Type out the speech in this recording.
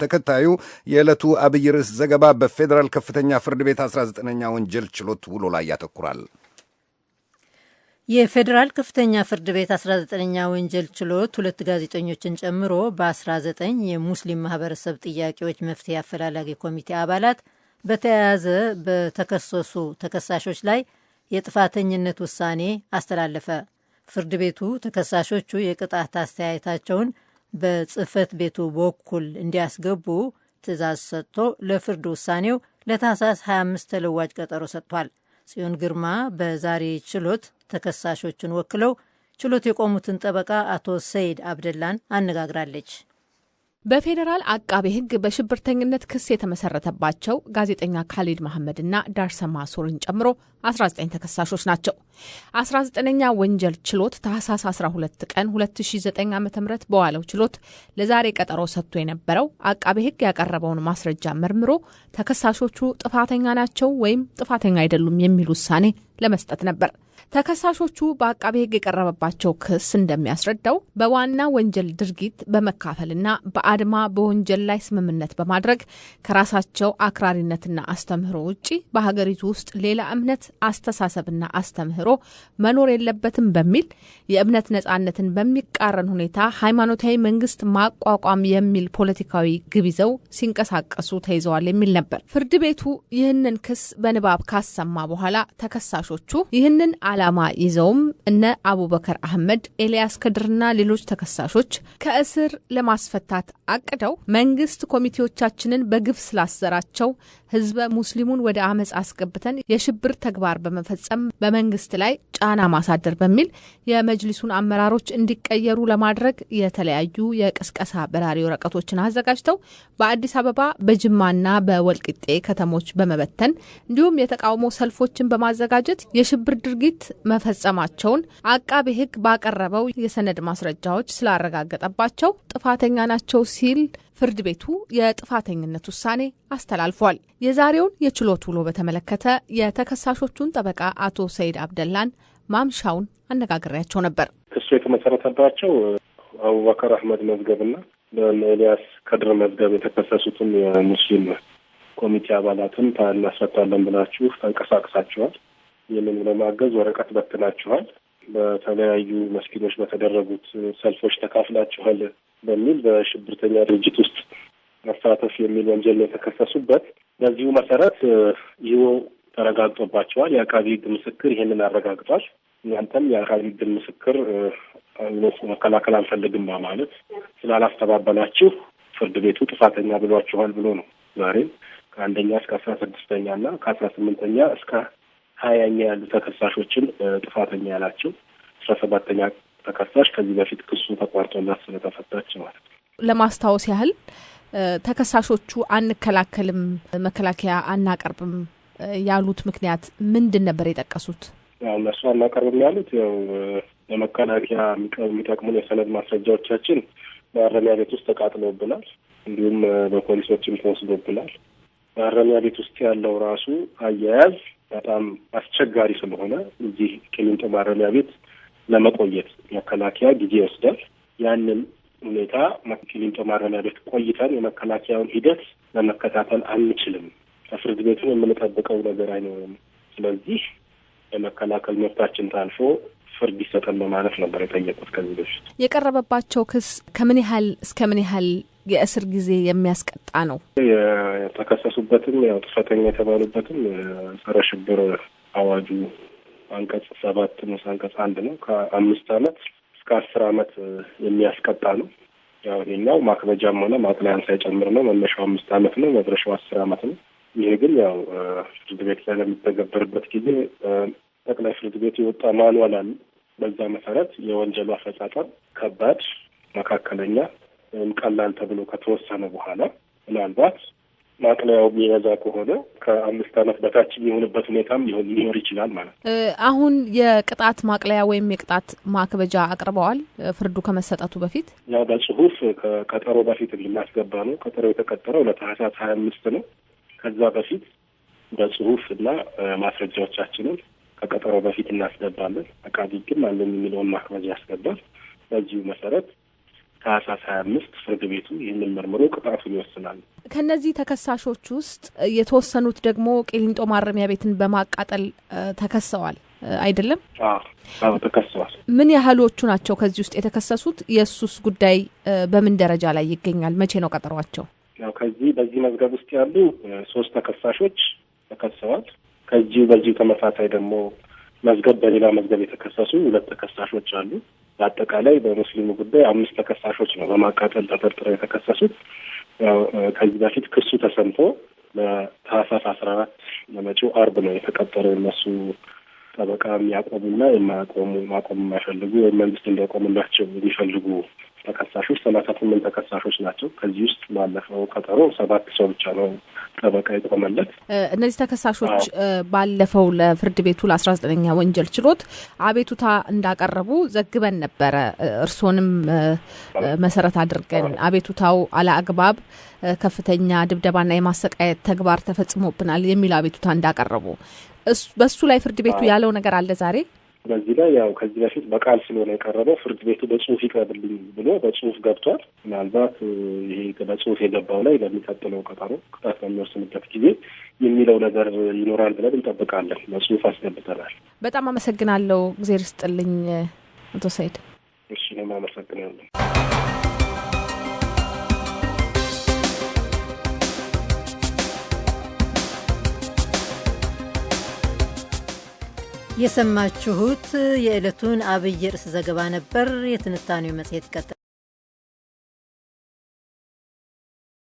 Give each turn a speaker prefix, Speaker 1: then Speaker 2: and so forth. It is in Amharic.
Speaker 1: ተከታዩ የዕለቱ አብይ ርዕስ ዘገባ በፌዴራል ከፍተኛ ፍርድ ቤት 19ኛ ወንጀል ችሎት ውሎ ላይ ያተኩራል።
Speaker 2: የፌዴራል ከፍተኛ ፍርድ ቤት 19ኛ ወንጀል ችሎት ሁለት ጋዜጠኞችን ጨምሮ በ19 የሙስሊም ማህበረሰብ ጥያቄዎች መፍትሄ አፈላላጊ ኮሚቴ አባላት በተያያዘ በተከሰሱ ተከሳሾች ላይ የጥፋተኝነት ውሳኔ አስተላለፈ። ፍርድ ቤቱ ተከሳሾቹ የቅጣት አስተያየታቸውን በጽህፈት ቤቱ በኩል እንዲያስገቡ ትዕዛዝ ሰጥቶ ለፍርድ ውሳኔው ለታህሳስ 25 ተለዋጭ ቀጠሮ ሰጥቷል። ጽዮን ግርማ በዛሬ ችሎት ተከሳሾቹን ወክለው ችሎት የቆሙትን ጠበቃ አቶ ሰይድ አብደላን አነጋግራለች። በፌዴራል አቃቤ ሕግ በሽብርተኝነት ክስ የተመሰረተባቸው ጋዜጠኛ ካሊድ መሐመድና ዳርሰማ ሶሪን ጨምሮ 19 ተከሳሾች ናቸው። 19ኛ ወንጀል ችሎት ታህሳስ 12 ቀን 2009 ዓ.ም በዋለው ችሎት ለዛሬ ቀጠሮ ሰጥቶ የነበረው አቃቤ ሕግ ያቀረበውን ማስረጃ መርምሮ ተከሳሾቹ ጥፋተኛ ናቸው ወይም ጥፋተኛ አይደሉም የሚል ውሳኔ ለመስጠት ነበር። ተከሳሾቹ በአቃቤ ሕግ የቀረበባቸው ክስ እንደሚያስረዳው በዋና ወንጀል ድርጊት በመካፈልና በአድማ በወንጀል ላይ ስምምነት በማድረግ ከራሳቸው አክራሪነትና አስተምህሮ ውጪ በሀገሪቱ ውስጥ ሌላ እምነት፣ አስተሳሰብና አስተምህሮ መኖር የለበትም በሚል የእምነት ነጻነትን በሚቃረን ሁኔታ ሃይማኖታዊ መንግስት ማቋቋም የሚል ፖለቲካዊ ግብ ይዘው ሲንቀሳቀሱ ተይዘዋል የሚል ነበር። ፍርድ ቤቱ ይህንን ክስ በንባብ ካሰማ በኋላ ተከሳሾቹ ይህንን ዓላማ ይዘውም እነ አቡበከር አህመድ፣ ኤልያስ ከድርና ሌሎች ተከሳሾች ከእስር ለማስፈታት አቅደው መንግስት ኮሚቴዎቻችንን በግፍ ስላሰራቸው ህዝበ ሙስሊሙን ወደ አመፅ አስገብተን የሽብር ተግባር በመፈጸም በመንግስት ላይ ጫና ማሳደር በሚል የመጅሊሱን አመራሮች እንዲቀየሩ ለማድረግ የተለያዩ የቅስቀሳ በራሪ ወረቀቶችን አዘጋጅተው በአዲስ አበባ በጅማና በወልቂጤ ከተሞች በመበተን እንዲሁም የተቃውሞ ሰልፎችን በማዘጋጀት የሽብር ድርጊት መፈጸማቸውን አቃቤ ሕግ ባቀረበው የሰነድ ማስረጃዎች ስላረጋገጠባቸው ጥፋተኛ ናቸው ሲል ፍርድ ቤቱ የጥፋተኝነት ውሳኔ አስተላልፏል። የዛሬውን የችሎት ውሎ በተመለከተ የተከሳሾቹን ጠበቃ አቶ ሰይድ አብደላን ማምሻውን አነጋግሬያቸው ነበር።
Speaker 3: ክሱ የተመሰረተባቸው አቡበከር አህመድ መዝገብና በኤልያስ ከድር መዝገብ የተከሰሱትን የሙስሊም ኮሚቴ አባላትን እናስፈታለን ብላችሁ ተንቀሳቅሳችኋል፣ ይህንን ለማገዝ ወረቀት በትናችኋል፣ በተለያዩ መስጊዶች በተደረጉት ሰልፎች ተካፍላችኋል በሚል በሽብርተኛ ድርጅት ውስጥ መሳተፍ የሚል ወንጀል ነው የተከሰሱበት። በዚሁ መሰረት ይህ ተረጋግጦባቸዋል። የአቃቢ ሕግ ምስክር ይህንን አረጋግጧል። እናንተም የአቃቢ ሕግ ምስክር መከላከል አንፈልግም በማለት ስላላስተባበላችሁ ፍርድ ቤቱ ጥፋተኛ ብሏችኋል ብሎ ነው ዛሬም ከአንደኛ እስከ አስራ ስድስተኛ እና ከአስራ ስምንተኛ እስከ ሀያኛ ያሉ ተከሳሾችን ጥፋተኛ ያላቸው አስራ ሰባተኛ ተከሳሽ ከዚህ በፊት ክሱ ተቋርጦላት ስለተፈታች
Speaker 2: ለማስታወስ ያህል ተከሳሾቹ አንከላከልም፣ መከላከያ አናቀርብም ያሉት ምክንያት ምንድን ነበር የጠቀሱት?
Speaker 3: ያው እነሱ አናቀርብም ያሉት ያው ለመከላከያ የሚጠቅሙን የሰነድ ማስረጃዎቻችን ማረሚያ ቤት ውስጥ ተቃጥሎብናል፣ እንዲሁም በፖሊሶችም ተወስዶብናል። ማረሚያ ቤት ውስጥ ያለው ራሱ አያያዝ በጣም አስቸጋሪ ስለሆነ እዚህ ቂሊንጦ ማረሚያ ቤት ለመቆየት መከላከያ ጊዜ ይወስዳል። ያንን ሁኔታ ቂሊንጦ ማረሚያ ቤት ቆይተን የመከላከያውን ሂደት ለመከታተል አንችልም። ከፍርድ ቤቱን የምንጠብቀው ነገር አይኖርም። ስለዚህ የመከላከል መብታችን ታልፎ ፍርድ ይሰጠን በማለት ነበር የጠየቁት። ከዚህ በፊት
Speaker 2: የቀረበባቸው ክስ ከምን ያህል እስከ ምን ያህል የእስር ጊዜ የሚያስቀጣ ነው።
Speaker 3: የተከሰሱበትም ያው ጥፋተኛ የተባሉበትም ጸረ ሽብር አዋጁ አንቀጽ ሰባት ንዑስ አንቀጽ አንድ ነው ከአምስት አመት እስከ አስር ዓመት የሚያስቀጣ ነው። ያው ይሄኛው ማክበጃም ሆነ ማቅለያን ሳይጨምር ነው። መነሻው አምስት ዓመት ነው፣ መድረሻው አስር አመት ነው። ይሄ ግን ያው ፍርድ ቤት ላይ ለሚተገበርበት ጊዜ ጠቅላይ ፍርድ ቤት የወጣ ማንዋል አለ። በዛ መሰረት የወንጀሉ አፈጻጸም ከባድ፣ መካከለኛ፣ ወይም ቀላል ተብሎ ከተወሰነ በኋላ ምናልባት ማቅለያው የሚበዛ ከሆነ ከአምስት ዓመት በታች የሚሆንበት ሁኔታም ሊሆን ሊኖር ይችላል ማለት
Speaker 2: ነው። አሁን የቅጣት ማቅለያ ወይም የቅጣት ማክበጃ አቅርበዋል። ፍርዱ ከመሰጠቱ በፊት
Speaker 3: ያው በጽሁፍ ከቀጠሮ በፊት ልናስገባ ነው። ቀጠሮ የተቀጠረው ለታህሳስ ሀያ አምስት ነው። ከዛ በፊት በጽሁፍ እና ማስረጃዎቻችንን ከቀጠሮ በፊት እናስገባለን። አቃቢ ግን አለን የሚለውን ማክበጃ ያስገባል። በዚሁ መሰረት ታህሳስ ሀያ አምስት ፍርድ ቤቱ ይህንን መርምሮ ቅጣቱን ይወስናል።
Speaker 2: ከእነዚህ ተከሳሾች ውስጥ የተወሰኑት ደግሞ ቄሊንጦ ማረሚያ ቤትን በማቃጠል ተከሰዋል አይደለም? ተከሰዋል። ምን ያህሎቹ ናቸው ከዚህ ውስጥ የተከሰሱት? የእሱስ ጉዳይ በምን ደረጃ ላይ ይገኛል? መቼ ነው ቀጠሯቸው?
Speaker 3: ያው ከዚህ በዚህ መዝገብ ውስጥ ያሉ ሶስት ተከሳሾች ተከሰዋል። ከዚሁ በዚሁ ተመሳሳይ ደግሞ መዝገብ በሌላ መዝገብ የተከሰሱ ሁለት ተከሳሾች አሉ። በአጠቃላይ በሙስሊሙ ጉዳይ አምስት ተከሳሾች ነው በማቃጠል ተጠርጥረው የተከሰሱት። ያው ከዚህ በፊት ክሱ ተሰምቶ በታህሳስ አስራ አራት ለመጪው አርብ ነው የተቀጠረው የነሱ ጠበቃ የሚያቆሙና የማያቆሙ ማቆም የማይፈልጉ ወይም መንግስት እንዲያቆምላቸው የሚፈልጉ ተከሳሾች ሰላሳ ስምንት ተከሳሾች ናቸው። ከዚህ ውስጥ ባለፈው ቀጠሮ ሰባት ሰው ብቻ ነው ጠበቃ የቆመለት።
Speaker 2: እነዚህ ተከሳሾች ባለፈው ለፍርድ ቤቱ ለአስራ ዘጠነኛ ወንጀል ችሎት አቤቱታ እንዳቀረቡ ዘግበን ነበረ። እርስዎንም መሰረት አድርገን አቤቱታው አለአግባብ ከፍተኛ ድብደባና የማሰቃየት ተግባር ተፈጽሞብናል የሚል አቤቱታ እንዳቀረቡ በሱ ላይ ፍርድ ቤቱ ያለው ነገር አለ ዛሬ
Speaker 3: በዚህ ላይ ያው ከዚህ በፊት በቃል ስለሆነ የቀረበው ፍርድ ቤቱ በጽሁፍ ይቅረብልኝ ብሎ በጽሁፍ ገብቷል። ምናልባት ይሄ በጽሁፍ የገባው ላይ በሚቀጥለው ቀጠሮ ቅጣት በሚወስንበት ጊዜ የሚለው ነገር ይኖራል ብለን እንጠብቃለን። በጽሁፍ አስገብተናል።
Speaker 2: በጣም አመሰግናለሁ። እግዜር ይስጥልኝ አቶ ሰይድ።
Speaker 3: እሺ፣ እኔም አመሰግናለሁ።
Speaker 2: የሰማችሁት የዕለቱን አብይ ርዕስ ዘገባ ነበር። የትንታኔው መጽሔት ይቀጥላል።